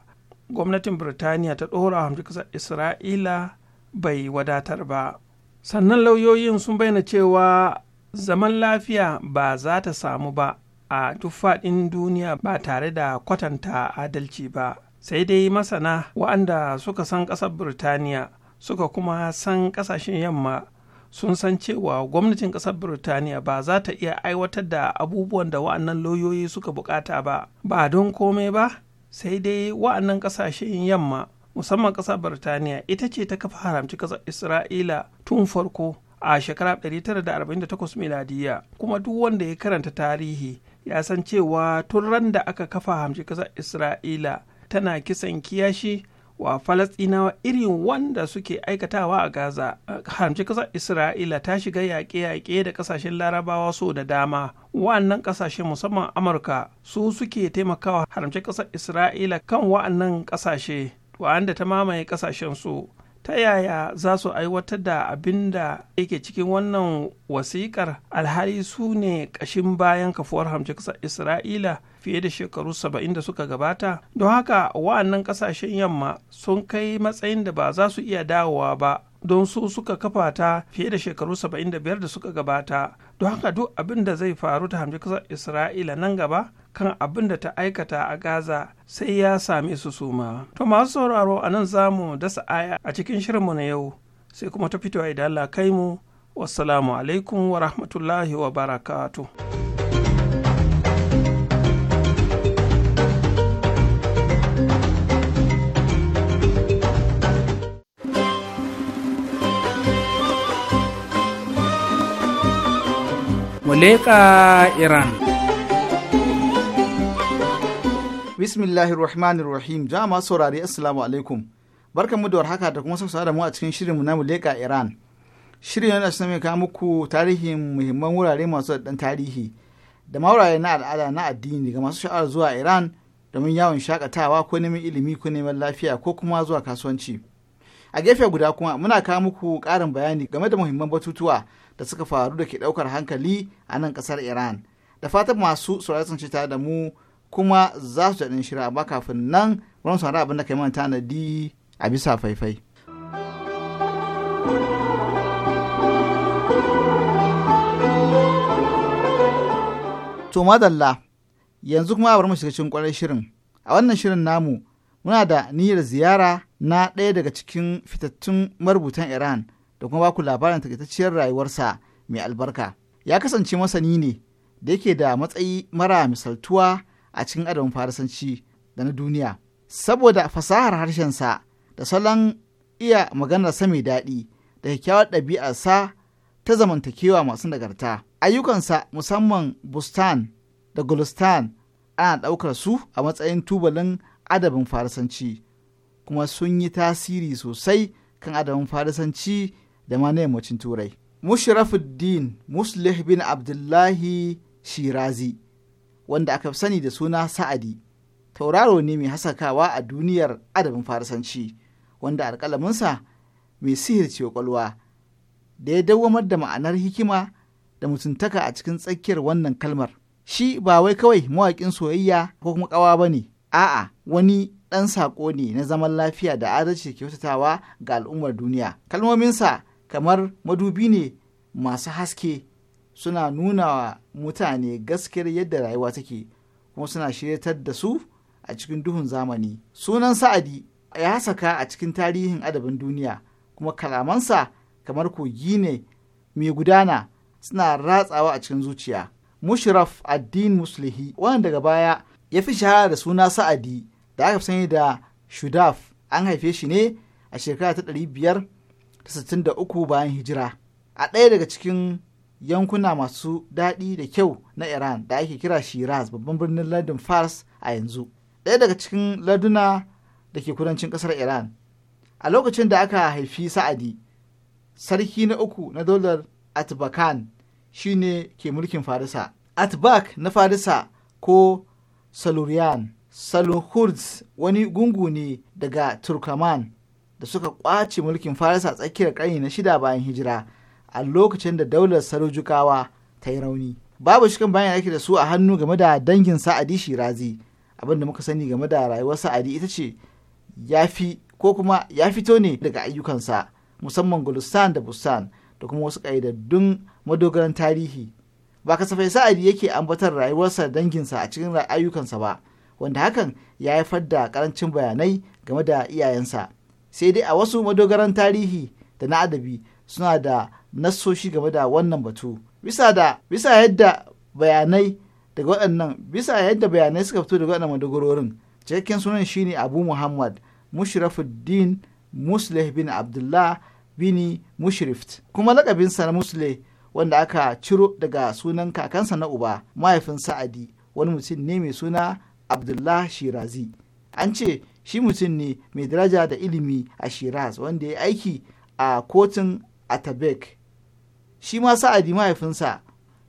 gwamnatin birtaniya ta ɗora hamci kasar isra'ila bai wadatar ba sannan lauyoyin sun bayyana cewa zaman lafiya ba za ta samu ba a tufaɗin duniya ba tare da kwatanta adalci ba sai dai masana wa'anda suka san ƙasar birtaniya suka kuma san ƙasashen yamma sun san cewa gwamnatin ƙasar birtaniya ba za ta iya aiwatar da abubuwan da wa'annan lauyoyi suka buƙata ba ba don komai ba sai dai wa'annan ƙasashen yamma musamman ƙasar birtaniya ita ce ta kafa haramci ƙasar isra'ila tun farko a shekara 1948 miladiya kuma duk wanda ya karanta tarihi ya san cewa tun ran da aka kafa hamshi kasar isra'ila tana kisan kiyashi wa falastinawa irin wanda suke aikatawa a gaza hamshi kasar isra'ila ta shiga yaƙe-yaƙe da ƙasashen larabawa so da dama wa'annan ƙasashe musamman amurka su suke taimakawa haramci ƙasar isra'ila kan wa'annan ƙasashe wa'anda ta mamaye ƙasashen su ta yaya za su aiwatar da abin da yake cikin wannan wasiƙar alhali su ne ƙashin bayan kafuwar hamjiksa isra'ila fiye da shekaru saba'in da suka gabata don haka wa'annan ƙasashen yamma sun kai matsayin da ba za su iya dawowa ba don su suka kafa ta fiye da shekaru 75 da suka gabata don haka duk abin da zai faru ta hamjiksa isra'ila nan gaba kan abin da ta aikata a Gaza sai ya same su suma. To masu sauraro a nan za mu dasa aya a cikin shirinmu na yau sai kuma ta fito idan Allah kai mu. Wassalamu alaikum wa rahmatullahi wa barakatu. Muleka Iran. bismillahir rahmanir rahim jama saurari assalamu alaikum barkanmu da warhaka da kuma sassa da mu a cikin shirin na muleka iran shirin yana sami kawo muku tarihin muhimman wurare masu dan tarihi da maurare na al'ada na addini ga masu sha'awar zuwa iran domin yawon shakatawa ko neman ilimi ko neman lafiya ko kuma zuwa kasuwanci a gefe guda kuma muna kawo muku karin bayani game da muhimman batutuwa da suka faru da ke daukar hankali a nan kasar iran da fatan masu sauraron tare da mu kuma za su daɗin shirya ba kafin nan ran su abin da kai mana tanadi a bisa faifai. To madalla yanzu kuma bari mu shiga cikin kwarar shirin. A wannan shirin namu muna da niyyar ziyara na ɗaya daga cikin fitattun marubutan Iran da kuma baku labarin takaitacciyar rayuwarsa mai albarka. Ya kasance masani ne da yake da matsayi mara misaltuwa a cikin adabin farisanci da na duniya saboda fasahar harshensa da salon iya maganar sa mai daɗi da kyakkyawar sa ta zamantakewa masu nagarta ayyukansa musamman bustan da gulistan ana ɗaukar su a matsayin tubalin adabin farisanci kuma sun yi tasiri sosai kan adabin farisanci da ma na yammacin turai mushrafuddin muslih bin abdullahi shirazi wanda aka fi sani da suna sa'adi tauraro ne mai hasakawa a duniyar adabin farisanci wanda alƙalaminsa mai sihirce kwalwa da ya dawwamar da ma'anar hikima da mutuntaka a cikin tsakiyar wannan kalmar shi ba wai kawai mawaƙin soyayya ko kuma ƙawa ba ne a'a wani ɗan saƙo ne na zaman lafiya da adalci kyautatawa ga al'ummar duniya kalmominsa kamar madubi ne masu haske suna nuna wa mutane gaskiyar yadda rayuwa take kuma suna shiryatar da su a cikin duhun zamani sunan sa'adi ya saka a cikin tarihin adabin duniya kuma kalamansa kamar kogi ne mai gudana suna ratsawa a cikin zuciya mushraf addin muslihi wannan daga baya ya fi shahara da suna sa'adi da aka sani da shudaf an haife shi ne a shekara ta 563 bayan hijira a ɗaya daga cikin yankuna masu daɗi da kyau na Iran da ake kira Shiraz babban birnin lardin Fars a yanzu. Ɗaya daga cikin laduna da ke kudancin ƙasar Iran. A lokacin da aka haifi Sa'adi, sarki na uku na dolar Atbakan shi ne ke mulkin Farisa. Atbak na Farisa ko Saluriyan, Saluhurz wani gungu ne daga Turkaman da suka ƙwace mulkin Farisa tsakiyar ƙarni na shida bayan hijira. a lokacin da daular sarojukawa ta yi rauni babu kan bayan ake da su a hannu game da dangin sa'adi shirazi abin da muka sani game da rayuwar sa'adi ita ce ya fi ko kuma ya fito ne daga ayyukansa musamman gulistan da bustan da kuma wasu ƙaidaddun madogaran tarihi ba kasafai sa'adi yake ambatar rayuwarsa da danginsa a cikin ayyukansa ba wanda hakan ya haifar da karancin bayanai game da iyayensa sai dai a wasu madogaran tarihi da na adabi suna da nassoshi game da wannan batu bisa da bisa yadda bayanai daga waɗannan bisa yadda bayanai suka fito daga waɗannan madogarorin cikakken sunan shine abu muhammad mushrafuddin musleh bin abdullah bini mushrift kuma lakabinsa na musleh wanda aka ciro daga sunan kakansa na uba mahaifin sa'adi wani mutum ne mai suna abdullah shirazi an ce shi mutum ne mai daraja da ilimi a shiraz wanda ya aiki a kotun atabek shi ma sa'adi mahaifinsa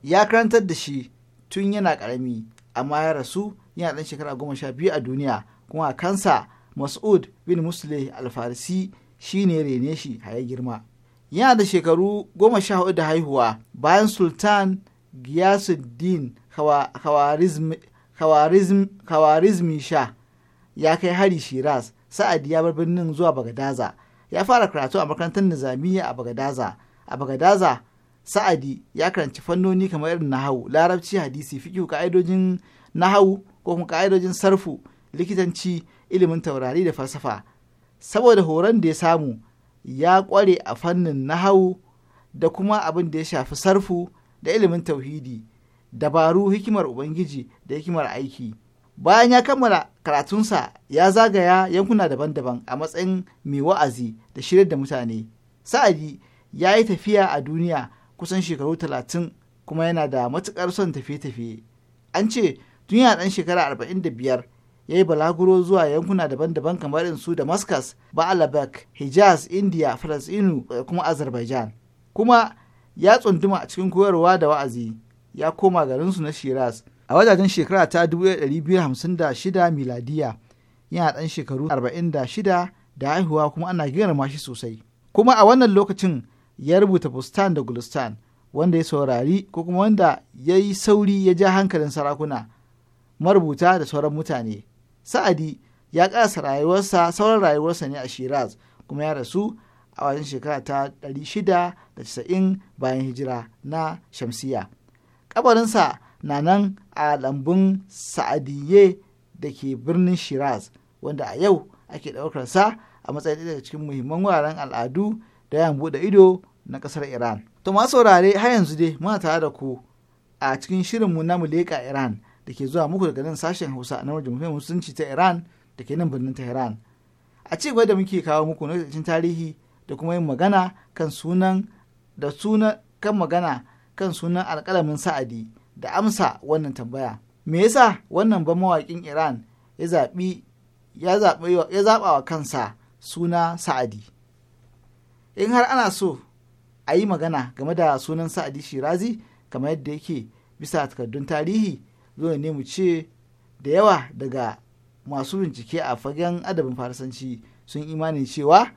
ya karantar da shi tun yana karami amma ya rasu yana dan shekara goma sha biyu a duniya kuma a kansa mas'ud bin musle alfarisi shi ne rene shi haya girma yana da shekaru goma sha hudu da haihuwa bayan sultan giyasuddin kawarizmi sha ya kai hari shiraz sa'adi ya bar birnin zuwa bagadaza ya fara karatu a makarantar nizamiya a bagadaza a bagadaza sa'adi ya karanci fannoni kamar irin nahawu larabci hadisi fikihu ka'idojin nahawu ko kuma ka'idojin sarfu likitanci ilimin taurari da falsafa saboda horon da ya samu ya kware a fannin nahawu da kuma abin da ya shafi sarfu da ilimin tauhidi dabaru hikimar ubangiji da hikimar aiki bayan ya kammala karatunsa ya zagaya yankuna daban-daban a matsayin mai wa'azi da shirar da mutane sa'adi ya yi tafiya a duniya kusan shekaru talatin kuma yana da matuƙar son tafiye-tafiye an ce tun yana ɗan shekara arba'in da biyar ya yi balaguro zuwa yankuna daban-daban kamar su damascus ba'alabak hijaz india falasinu da eh, kuma azerbaijan kuma ya tsunduma a cikin koyarwa da wa'azi ya koma garinsu na shiraz a wajajen shekara ta 1256 miladiya yana ɗan shekaru 46 da haihuwa kuma ana girma shi sosai kuma a wannan lokacin ya rubuta Bustan da Gulistan wanda ya saurari ko kuma wanda ya yi sauri ya ja hankalin sarakuna marubuta da sauran mutane. Sa'adi ya ƙasa rayuwarsa sauran rayuwarsa ne a Shiraz kuma ya rasu a wajen shekara ta 690 bayan hijira na Shamsiya. Kabarinsa na nan a lambun sa'adiye da ke birnin Shiraz wanda a yau ake ɗaukarsa a matsayin daga cikin muhimman wuraren al'adu da yan buɗe ido na ƙasar Iran. To masu saurare har yanzu dai muna tare da ku a cikin shirinmu na Muleka Iran da ke zuwa muku daga nan sashen Hausa na mafi Musulunci ta Iran da ke nan birnin ta iran A ci gaba da muke kawo muku na tarihi da kuma yin magana kan sunan da sunan kan magana kan sunan alƙalamin sa'adi da amsa wannan tambaya. Me yasa wannan ban mawakin Iran ya zaɓi ya zaɓa wa kansa suna sa'adi? In har ana so a yi magana game da sunan sa'adi shirazi kamar yadda yake bisa takardun tarihi zuwa ne mu ce da yawa daga masu bincike a fagen adabin farisanci sun imanin cewa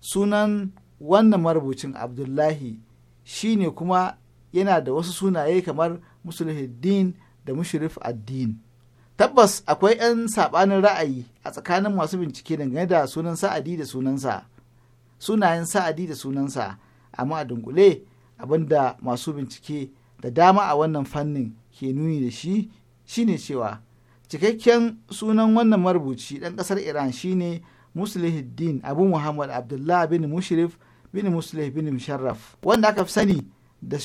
sunan wannan marubucin abdullahi shi ne kuma yana da wasu sunaye kamar musulhuddin da mushrif addin tabbas akwai 'yan saɓanin ra'ayi a tsakanin masu bincike dangane da sunan sa'adi da sunansa sunayen sa'adi da sunansa amma a dunkule abinda masu bincike da dama a wannan fannin ke nuni da shi shine cewa cikakken sunan wannan marubuci ɗan ƙasar iran shine muslihuddin abu muhammad abdullah bin mushrif bin muslih bin musharraf wanda aka fi sani da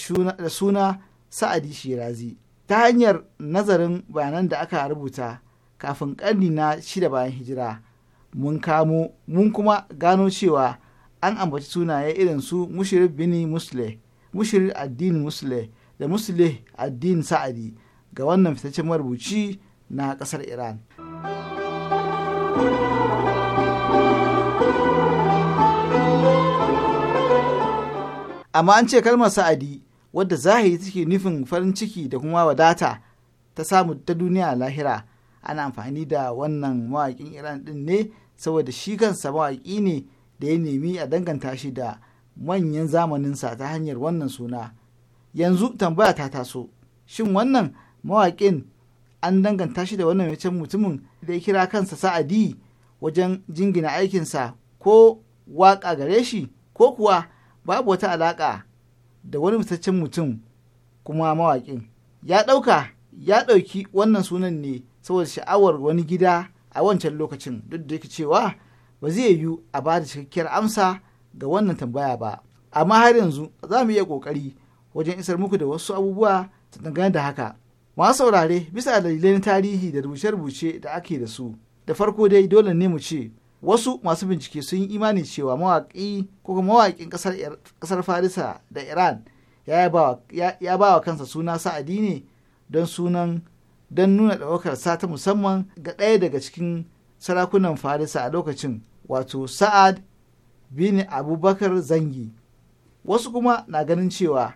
suna sa'adi shirazi ta hanyar nazarin bayanan da aka rubuta kafin ƙarni na shida bayan hijira mun kamo mun kuma gano cewa an ambaci sunaye irin su mushir bini musle mushir addini musle da musle addin sa'adi ga wannan fitaccen marubuci na kasar iran amma an ce kalmar sa'adi wadda zahiri take nufin farin ciki da kuma wadata ta samu ta duniya lahira ana amfani da wannan mawaƙin iran din ne saboda shi kansa mawaƙi ne da ya nemi a danganta shi da manyan zamaninsa ta hanyar wannan suna yanzu tambaya ta taso shin wannan mawaƙin an danganta shi da wannan wancan mutumin da ya kira kansa sa'adi wajen jingina aikinsa ko waƙa gare shi ko kuwa babu wata alaƙa da wani mutaccen mutum kuma mawaƙin ya ɗauka ya ɗauki wannan sunan ne saboda sha'awar wani gida a wancan lokacin duk da yake cewa ba zai yiwu a ba da cikakkiyar amsa ga wannan tambaya ba amma har yanzu za mu iya ƙoƙari wajen isar muku da wasu abubuwa dangane da haka masu saurare bisa dalilan tarihi da rubuce-rubuce da ake da su da farko dai dole ne mu ce wasu masu bincike sun yi imani cewa mawaƙi ko mawaƙin er-, ƙasar farisa da iran ya ba wa kansa suna sa'adi ne don sunan don nuna ɗaukar sa ta musamman ga ɗaya daga cikin sarakunan farisa a lokacin wato sa'ad bin abubakar zangi wasu kuma na ganin cewa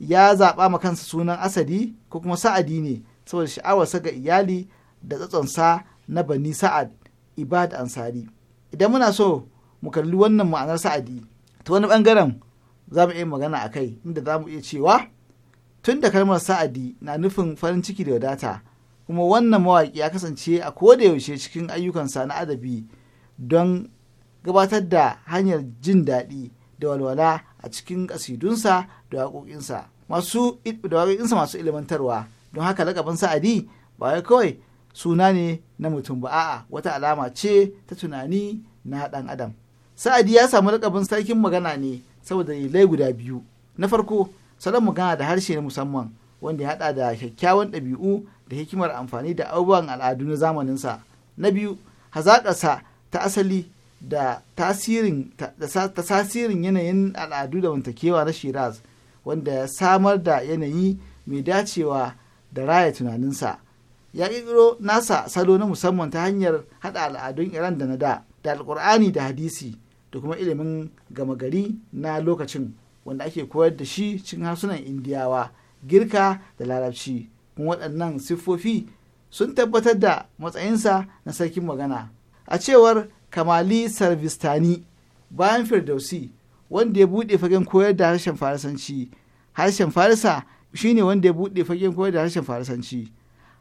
ya zaɓa ma kansa sunan asadi ko kuma sa'adi ne saboda sha'awarsa ga iyali da tsatsonsa na bani sa'ad ibad ansari idan muna so mu kalli wannan ma'anar sa'adi ta wani ɓangaren za mu iya magana a kai inda za mu iya cewa tun da kalmar sa'adi na nufin farin ciki da wadata kuma wannan mawaƙi ya kasance a koda yaushe cikin ayyukansa na adabi don gabatar da hanyar jin daɗi da walwala a cikin ƙasidunsa da waƙoƙinsa masu waƙoƙinsa masu ilmantarwa don haka lakabin sa'adi ba wai kawai suna ne na mutum ba a'a wata alama ce ta tunani na ɗan adam sa'adi ya samu lakabin sarkin magana ne saboda dalilai guda biyu na farko salon magana da harshe na musamman wanda ya haɗa da kyakkyawan ɗabi'u da hikimar amfani da abubuwan al'adu na zamaninsa na biyu hazaƙarsa ta asali da tasirin tasirin yanayin al'adu da wantakewa na shiraz wanda ya samar da yanayi mai dacewa da raya tunaninsa ya ƙirƙiro nasa salo na musamman ta hanyar haɗa al'adun iran da na da da alƙur'ani da hadisi da kuma ilimin gama gari na lokacin wanda ake koyar da shi cikin harsunan indiyawa girka da larabci kuma waɗannan siffofi sun tabbatar da matsayinsa na sarkin magana a cewar kamali sarvistani bayan firdausi wanda ya buɗe fagen koyar da harshen farisanci harshen farisa shi ne wanda ya buɗe fagen koyar da harshen farisanci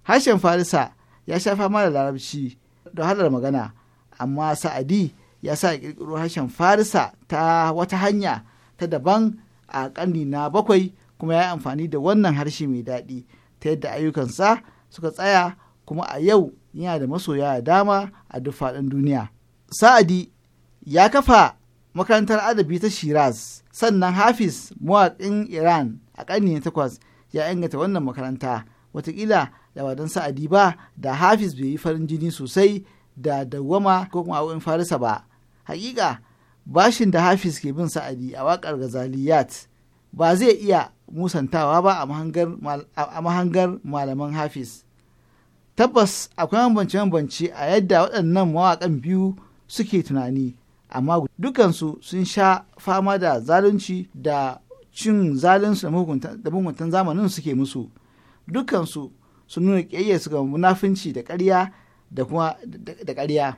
harshen farisa ya sha fama da larabci da halar magana amma sa'adi ya sa ƙirƙiro harshen farisa ta wata hanya ta daban a ƙarni na bakwai kuma ya yi amfani da wannan harshe mai daɗi ta yadda ayyukansa suka tsaya kuma a yau yana da masoya a dama a duk faɗin duniya. Sa'adi ya kafa makarantar adabi ta Shiraz, sannan Hafiz mawaƙin Iran a ƙarni na takwas ya inganta wannan makaranta. Wataƙila da ba don Sa'adi ba da Hafiz bai yi farin jini sosai da dawwama ko kuma abubuwan Farisa ba. Hakika bashin da Hafiz ke bin Sa'adi a waƙar Gazaliyat ba zai iya musantawa ba a mahangar malaman Hafiz. tabbas akwai bambance-bambance a yadda waɗannan mawaƙan biyu suke tunani amma dukansu sun sha fama da zalunci da cin zalunsu da mugunton zamanin suke musu dukansu sun nuna ƙiyayya ga munafunci da ƙarya da kuma da ƙarya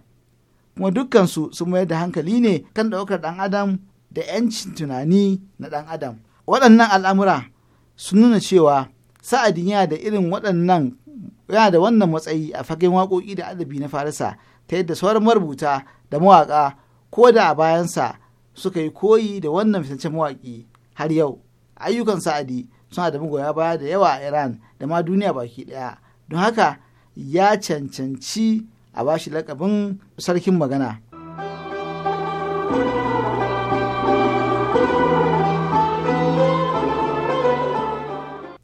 kuma dukansu sun mayar da hankali ne kan ɗaukar ɗan adam da 'yancin tunani na ɗan adam waɗannan al'amura sun nuna cewa sa'adin yana da irin waɗannan yana da wannan matsayi a fagen waƙoƙi da adabi na farisa ta yadda sauran marubuta da mawaƙa ko da a bayansa suka yi koyi da wannan fitaccen mawaƙi har yau ayyukan sa'adi suna da magoya baya da yawa a iran da ma duniya baki ɗaya don haka ya cancanci a bashi laƙabin sarkin magana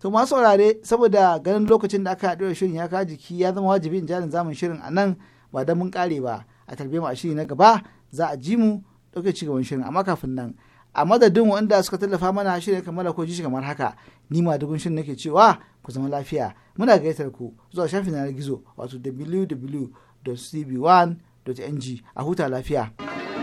to masu saurare saboda ganin lokacin da aka haɗu shirin ya ka jiki ya zama wajibi in jarin zamun shirin a nan ba da mun kare ba a tarbe mu a shiri na gaba za a ji mu ci gaban shirin amma kafin nan a madadin wanda suka tallafa mana shirin kamar ko ji kamar haka ni ma dugun shirin nake cewa ku zama lafiya muna gaitar ku zuwa shafin na gizo wato www.cb1.ng a huta lafiya.